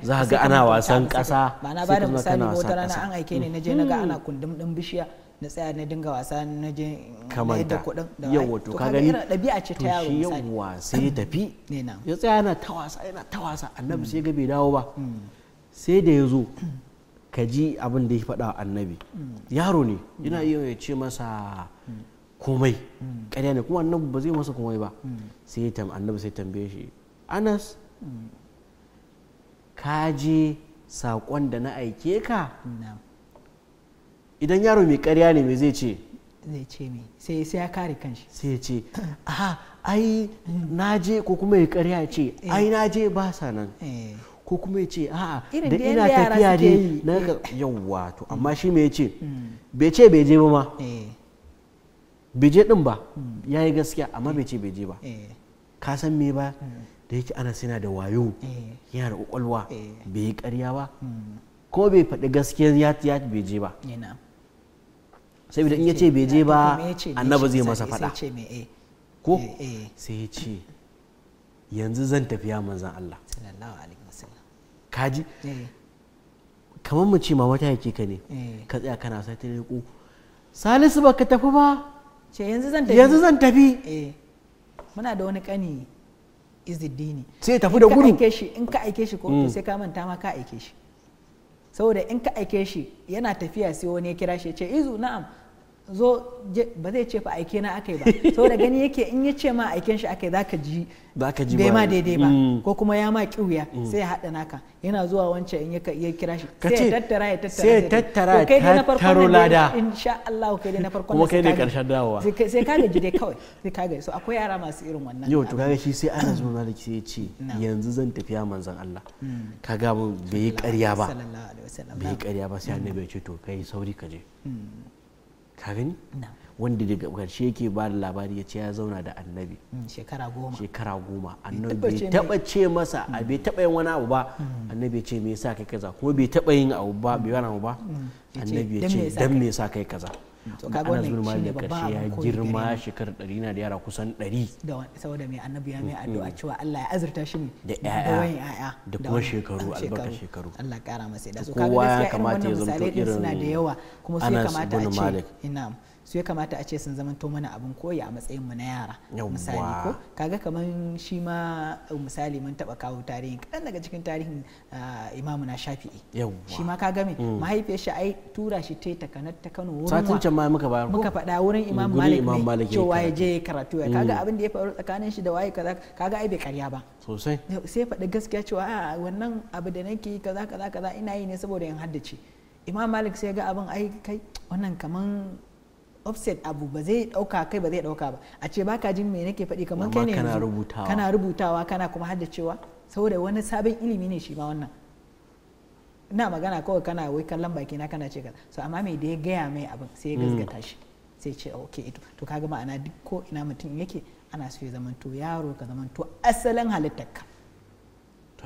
za ga ana wasan kasa ba na bada misali wata rana an aike ne na je na ga ana hmm. kundum din bishiya na tsaya na dinga wasa na je na yadda kuɗin da yawa to kaga gani ɗabi'a ce ta yaro misali yawa sai ya tafi ya tsaya yana ta wasa yana ta wasa annabi sai ga bai dawo ba mm. sai da ya zo ka ji abin da ya faɗa annabi mm. yaro ne mm. yana iya ya ce masa komai ƙarya ne kuma annabi ba zai masa komai ba sai annabi sai tambaye shi anas ka je saƙon da na aike ka idan yaro mai karya ne mai zai ce zai ce mai sai sai ya kare kanshi sai ya ce aha ai na je ko kuma ya karya ce eh. ai na je ba sa nan eh. ko kuma ya ce a'a da ina tafiya ne na ga eh. yawwa to amma shi mai ya ce mm. bai ce bai je ba ma bai je din ba mm. ya yi gaskiya amma bai ce bai je ba ka san me ba mm. da yake ana sina da wayo yana da kwakwalwa bai yi karya ba ko bai faɗi gaskiya ya bai je ba saboda in ya ce bai je ba annaba zai masa fada ko sai ya ce yanzu zan tafiya manzan Allah kaji eh. kamar mu ce ma wata yake ka ne eh. ka tsaya kana sai ta leƙo salisu ba ka tafi ba yanzu zan tafi eh. muna da wani kani izidini sai tafi da gudu in ka aike shi ko mm. sai ka manta ma ka aike shi saboda in ka aike shi yana tafiya sai wani ya kira shi ya ce izu na'am zo ba zai ce fa aike na yi ba so da gani yake in ya ce ma aiken shi yi zaka ji zaka ji bai ma daidai ba mm. ko kuma ya ma kiwuya mm. sai ya hada naka yana zuwa wancan in ya kira shi sai ya tattara ya tattara sai ya tattara ya tattaro lada insha Allah kai dai na farkon kuma kai ne karshen dawowa sai ka gaji dai kawai sai ka gaji so akwai yara masu irin wannan yau to kaga shi sai ana zuwa da sai ya ce yanzu zan tafiya manzon Allah mm. kaga mun bai yi ƙarya ba bai yi ƙarya ba sai annabi ya ce to kai sauri ka je ka gani wanda daga ƙarshe yake ba da labari ya ce ya zauna da annabi mm, shekara goma shekara goma annabi bai taba ce masa a bai mm. taba yin wani abu ba mm. annabi ya ce me yasa kai kaza kuma bai taba yin abu ba bai wani abu ba annabi ya ce dan me yasa kai kaza to kaga wannan shine babban ya girma shekarar ɗari na da yara kusan ɗari da saboda mai annabi ya mai addu'a cewa Allah ya azurta shi da ƴaƴa da kuma shekaru albarka shekaru Allah kara masa da su kaga gaskiya irin wannan misalai suna da yawa kuma sai kamata a ce ina su ya kamata a ce sun zama to mana abin koyi a matsayin mu na yara misali ko kaga kaman shi ma uh, misali mun taba kawo tarihin kadan daga cikin tarihin uh, imamu na shafi'i shi ma kaga me mm. mahaifiyar shi ai tura shi ta kanar ta Kano wurin satin can ma muka bayar muka fada wurin imamu malik ne cewa ya je karatu ya kaga mm. abin da ya faru tsakanin shi da waye kaza kaga ai bai karya ba sosai sai faɗi gaskiya cewa a ah, wannan abu da nake kaza kaza kaza ina yi ne saboda in haddace imam malik sai ga abin ai kai wannan kaman offset abu ba zai dauka kai ba zai dauka ba a ce baka jin me nake faɗi kamar kai ne kana rubutawa kana rubutawa kana kuma haddacewa saboda wani sabon ilimi ne shi ma wannan na magana kawai kana wai kallon baki na kana ce ka so amma me da ya gaya mai abin sai ya hmm. gaskata shi sai ce ok ito to kaga ma'ana duk ko ina mutum yake ana so ya zamanto yaro ka zamanto asalin halittar ka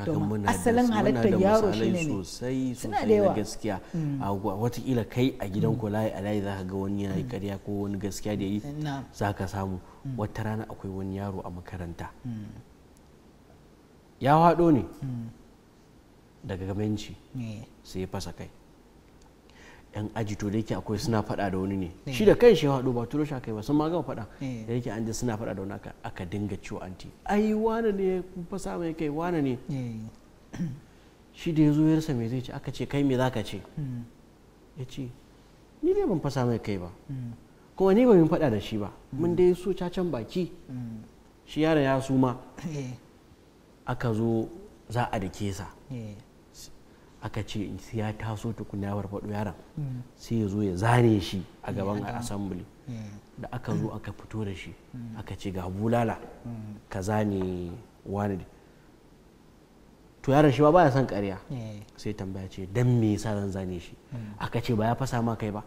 domin asalin halittar yaro shi ne sosai da yawa gaskiya mm. a watakila kai a gidan mm. kulaye a layi zaka ga wani yana karya mm. ko wani gaskiya da yi zaka samu wata rana akwai wani yaro a makaranta ya waɗo ne daga gamenci sai ya fasa kai yan aji to da yake akwai suna faɗa da wani ne eh. shi da kan shi haɗu ba turo shi ba sun ma gama faɗa eh. da yake an ji suna faɗa da wani aka dinga ciwo anti ai wane ne kuma sa mai kai wane ne eh. shi da ya zo yarsa me zai ce aka ce kai me zaka ce hmm. ya ce ni dai ban fasa mai kai ba hmm. kuma ni ba min faɗa da shi ba hmm. mun dai so cacan baki shi yara ya suma aka zo za a da kesa aka ce sai ya taso tukuna ya farfado yaron hmm. sai ya zo ya zane shi a hmm. gaban assembly hmm. da aka zo aka fito da shi aka ce ga bulala ka zane wani to yaron shi ba baya son kariya. Eh. sai tambaya ce dan me yasa zan zane shi aka ce ba ya fasa ma kai ba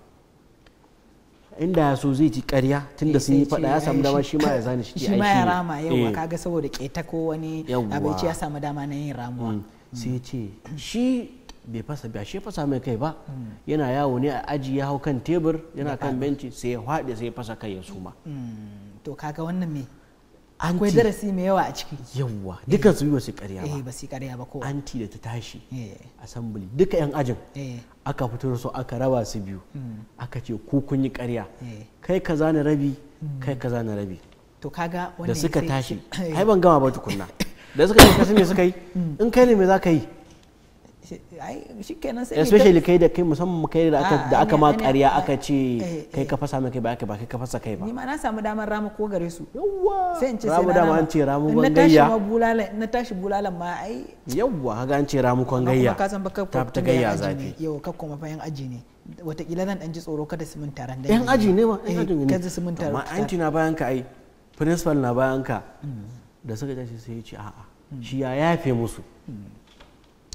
inda ya so zai ji karya tunda eh, sun yi fada ya samu dama shi ma ya zane shi shi ma ya rama yau eh. ka ga saboda keta ko wani abinci ya samu dama na yin ramuwa sai ce shi bai fasa ba shi fasa mai kai ba hmm. yana yawo ne a aji ya hau kan tebur yana kan benci sai ya haɗe sai ya fasa kai ya suma hmm. to kaga wannan me akwai darasi mai yawa a ciki yawa dukkan su yi wasu ƙarya ba eh, ba su ƙarya ba ko anti da ta tashi eh. assembly duka yan ajin eh. aka fito su aka raba su biyu hmm. aka ce ku kun yi ƙarya kai kaza na rabi kai kaza na rabi to kaga da suka tashi ai ban gama ba tukunna da suka tashi me suka yi in kai ne me za ka yi shi kenan sai especially kai da kai musamman kai da aka ah, ma ƙarya aka ce eh, eh, kai ka eh. fasa mai kai ba ba kai ka fasa kai ba ni ma na samu damar rama ko gare su yawwa sai in ce sai na dama an ce ramu gayya na tashi bulalan ma ai yawwa ga an ce ramu gayya ka san baka ka ta gayya zafi yau ka koma bayan aji ne kila zan dan ji tsoro kada su min taron da yan aji ne ma yan aji ne kada su min taron ma anti na bayan ka ai principal na bayan ka mm. da suka tashi sai ya ce a'a mm. shi ya yafe musu mm.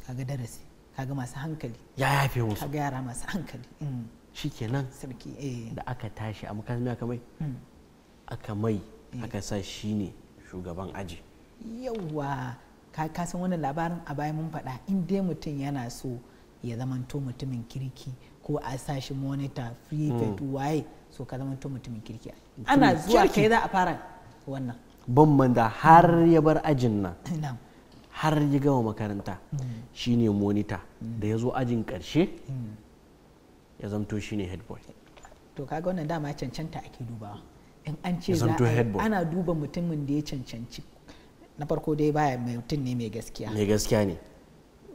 a ga darasi kaga masu hankali ya yafe musu kaga yara masu hankali mm. shikenan sarki eh. da aka tashi a makarantar aka mai mm. aka mai eh. aka sa shi ne shugaban aji yauwa ka san wani labarin a bayan mun faɗa in dai mutum yana so ya zamanto mutumin kirki ko a sashi monitor free fed mm. waye so ka zamanto mutumin kirki ana zuwa kai za a fara wannan ban manda har ya bar ajin nan har ya gama makaranta shine monita da ya zo ajin karshe ya zamto shine head boy to kaga wannan dama cancanta ake dubawa in an ce za ana duba mutumin da ya cancanci na farko dai baya mutum ne mai gaskiya mai gaskiya ne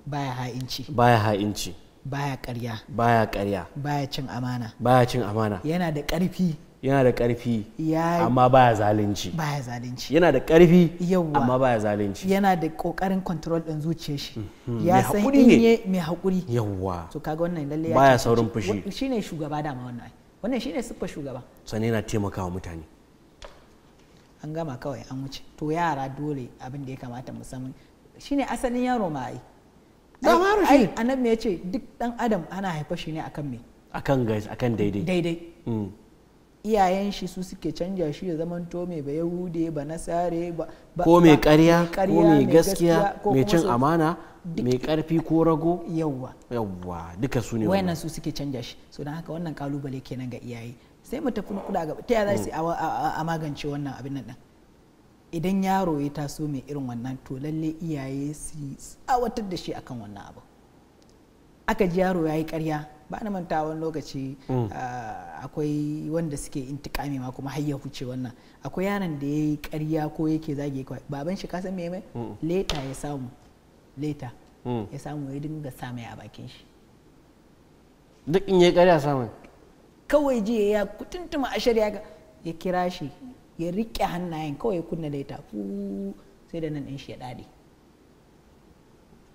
baya ha'inci baya ha'inci baya karya baya karya baya cin amana baya cin amana yana da karfi yana da ƙarfi amma baya zalunci baya zalunci yana da ƙarfi amma baya zalunci yana da ƙoƙarin control din zuciyar shi mhm. ya san ne. mai hakuri yawa to kaga wannan lalle baya saurin fushi shine shugaba dama wannan wannan shine siffar shugaba sannan yana taimakawa mutane an gama kawai an wuce to yara dole abin da ya kamata musamman shine asalin yaro ma ai dama ai anan me yace duk dan adam ana haifa shi ne akan me akan gais akan daidai daidai mm. iyayen shi su suke canja shi ya zaman to mai ba yahude ba nasare ba ko mai karya ko mai gaskiya mai cin amana mai karfi ko rago yawwa yawwa duka su ne wannan su suke canja shi so don haka wannan kalubale kenan ga iyaye sai mu tafi kuɗa gaba ta yaya za su a magance wannan abin nan idan yaro ya taso mai irin wannan to lalle iyaye su tsawatar da shi akan wannan abu aka ji yaro ya yi karya ba na manta wani lokaci mm. ah, akwai wanda suke intikami ma kuma har ya huce wannan akwai yaron da ya yi karya ko yake zage baban shi kasan me mai mm. leta ya samu leta mm. ya samu ya dinga samai a bakin shi duk in ya karya samu kawai jiya ya kutuntuma shari'a ya ya kira shi ya riƙe hannayen kawai ya kunna leta sai da nan in shi ya dade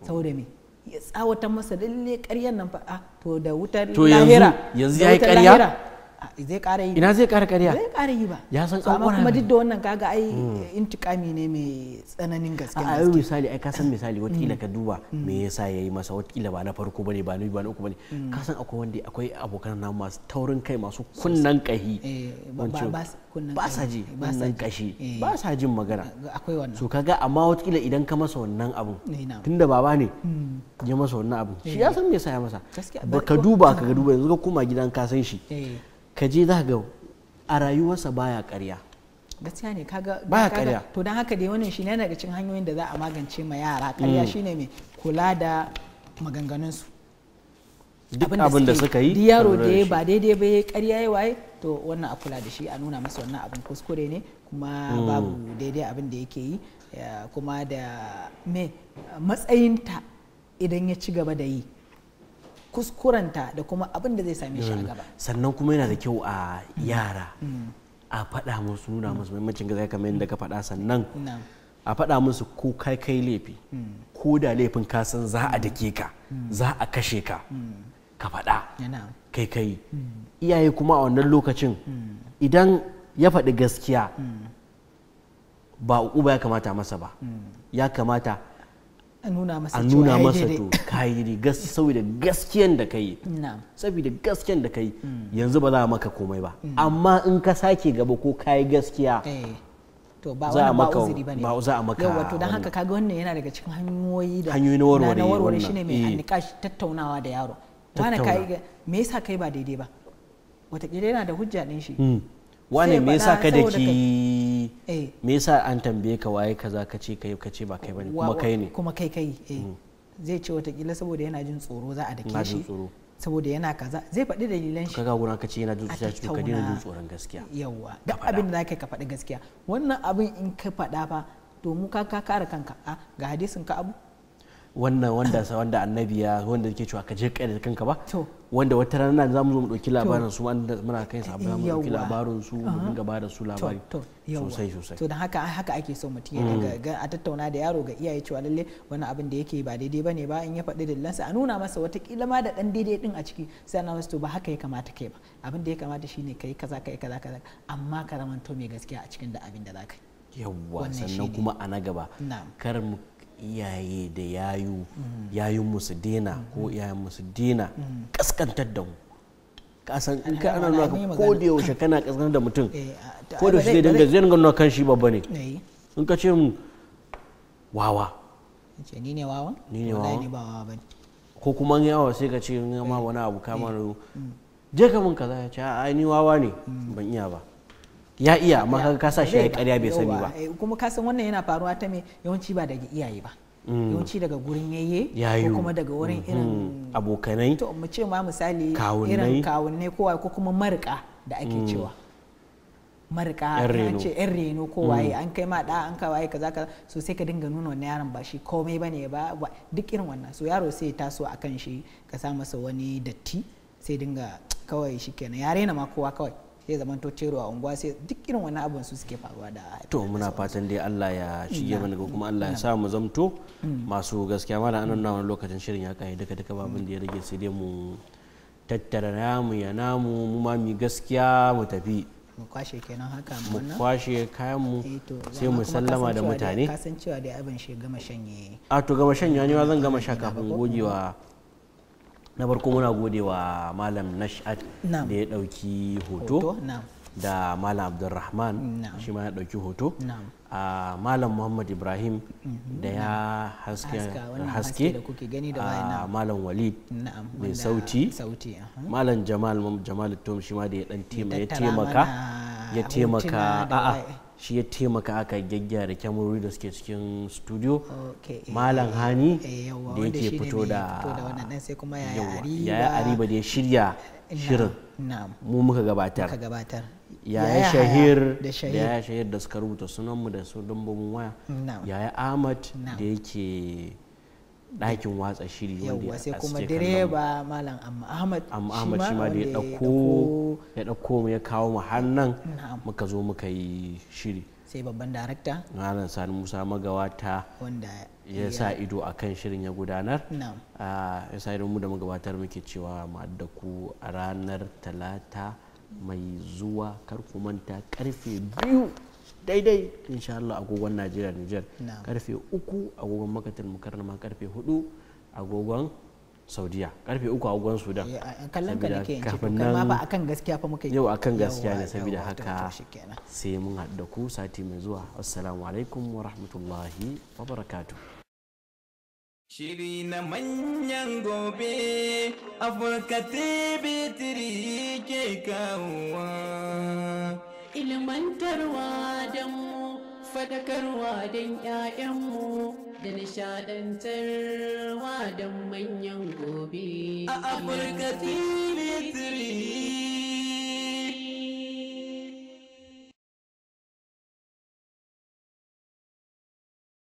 saboda me ya tsawata masa lalle karyar nan fa'a ah, to da wutar lahira yanzu yayi karya zai ƙara yi ina zai ƙara kariya zai ƙara yi ba ya san an kuma duk da wannan kaga ai hmm. intikami ne mai tsananin gaske a yau misali ai ka san misali hmm. watakila ka duba hmm. me yasa yayi masa watakila ba na farko bane ba na ba na uku bane ka san akwai wanda akwai abokan na masu taurin kai masu kunnan kahi eh, ba sa ji kunnan kashi eh. ba sa jin magana akwai wannan so kaga amma watakila idan ka masa wannan abun eh, tunda baba ne ya masa wannan abun shi ya san me yasa ya masa ba ka duba ka duba yanzu ka koma gidan ka san shi ka je za ga a rayuwarsa baya karya. gaskiya ne kaga baya karya. to don haka dai wannan shi ne daga cikin hanyoyin da za a magance ma yara karya mm. shine mai kula da maganganunsu duk abin da suka yi yaro da ya ba daidai ba ya karya ya waye to wannan a kula da shi a nuna masa wannan abin kuskure ne kuma mm. babu daidai abin da yake yi eh, kuma da me matsayinta idan ya ci gaba da yi Kuskuranta da kuma abin da zai same shi a gaba sannan kuma yana da mm. kyau a mm. yara mm. a faɗa musu nuna musu muhimmancin gaskiya kamar yadda ka faɗa sannan a faɗa musu ko kai kai laifi ko da laifin ka san za a dake ka za a kashe ka ka faɗa kai kai iyaye kuma a wannan lokacin idan ya faɗi gaskiya ba uba ya kamata masa ba ya kamata a nuna masa to kayi ne saboda gaskiyan da kai saboda gaskiyan da kai mm. yanzu ba za a maka komai ba mm. amma in ka sake gaba ko kayi gaskiya eh, to ba wani ba ba za a maka yawa to don haka kaga wannan yana daga cikin hanyoyi da hanyoyi na warware na warware shine mai eh. annikashi tattaunawa da yaro wani kai me yasa kai ba daidai ba wataƙila yana da hujja din shi mm. wane me yasa ka da ki eh. me yasa an tambaye ka waye kaza ka ce kai ka ce ba kai bane kuma kai ne kuma kai kai eh. mm. zai ce watakila saboda yana jin tsoro za a dake shi saboda yana kaza zai faɗi dalilan shi kaga ka ce yana jin tsoro ka dina jin tsoron gaskiya yawa duk abin da zaka ka faɗi gaskiya wannan abin in ka faɗa fa domin ka ka kare kanka ga hadisin ka abu wannan wanda sa wanda annabi ya wanda yake cewa ka je ka da kanka ba wanda wata rana za mu zo mu dauki labarin su wanda muna kai sa mu dauki labarin su mu uh-huh. dinga ba da su labari sosai sosai to dan haka haka ake so mutum ya dinga mm. a tattauna da yaro ga iyaye cewa lalle wani abin da yake ba daidai bane ba in ya faɗi sa a nuna masa wata kila ma da dan daidai din a ciki sai na wasu to ba haka ya kamata kai ba abin da ya kamata shine kai kaza kai kaza kaza amma karaman to mai gaskiya a cikin da abin da zaka yi yawwa sannan kuma a na gaba kar iyaye da yayu yayun musu dina ko iyayen musu dina kaskantar da mu kasan in ka ana nuna ko da yaushe kana kaskantar da mutum eh, ko da shi zai dinga zai dinga nuna kan shi babba ne eh. in ka ce mu wawa ni ne wawa ni ne wawa ni ba wawa ko kuma sai ka ce eh. ma wani abu kama mm. je ka mun kaza ya ce ai ni wawa ne mm. ban iya ba ya iya amma kaga ka sa shi ya ƙarya bai sani ba eh, kuma ka san wannan yana faruwa ta me yawanci ba daga iyaye ba mm. yawanci daga gurin yayye ko kuma daga wurin mm-hmm. irin abokanai to mu ce ma misali irin kawunnai kowa ko kuma marka da ake mm. cewa marka an ce yan reno ko waye mm. an kai ma da an ka waye kaza kaza so sai ka dinga nuna wannan yaron ba shi komai bane ba duk irin wannan so yaro sai ya taso akan shi ka sa masa wani datti sai dinga kawai kenan ya rena ma kowa kawai sai zaman to cewa unguwa sai duk irin wani abin su suke faruwa da to muna fatan dai Allah ya shige mana ga kuma Allah ya sa mu zamto mm. masu gaskiya mana anan na wani lokacin shirin ya kai duka duka babin da ya rage sai dai mu tattara namu ya namu mu ma mi gaskiya mu tafi mu kwashe kenan haka mu kwashe kayan mu eh sai mu sallama da mutane kasancewa dai abin shi gama shanye a to gama shanye ne zan gama sha kafin gogewa na farko muna gode wa malam nash'ad da ya dauki hoto da malam abdulrahman shi ma ya dauki hoto a malam muhammad ibrahim mm-hmm. da ya haske a malam walid mai sauti malam jamal jamal tom shi ma da ya dan taimaka ya taimaka a'a shi ya taimaka aka gyaggyara kyamurori da suke cikin studio eh, malam eh, hani eh, da yake fito da yaya ariba da ya shirya shirin mu muka gabatar yaya shahir da yaya shahir da suka rubuta sunanmu da su dambobin waya yaya ahmad da yake ɗakin watsa shiri wanda sai kuma direba malam amma ahmad ahmad shi ma da ya ɗauko ya ɗauko mu ya kawo mu har nan muka zo muka yi shiri sai babban darakta malam sani musa magawata wanda ya sa ido a kan shirin ya gudanar ah, ya sa ido mu da magabatar muke cewa mu da ku a ranar talata mai zuwa kar ku manta karfe biyu daidai insha Allah agogon Najeriya Niger karfe uku agogon makatar mukarrama karfe hudu agogon saudiya karfe uku agogon sudan eh, kallon ka nake kafin kuma ba akan gaskiya fa muka yi yau akan gaskiya ne saboda haka sai mun haɗu da ku sati mai zuwa assalamu alaikum wa rahmatullahi wa barakatuh Shiri na manyan gobe tebe tiri ke kawowa. ilmantarwa don mu fadakarwa don 'ya'yanmu da nishadantarwa don manyan gobe a afirka tv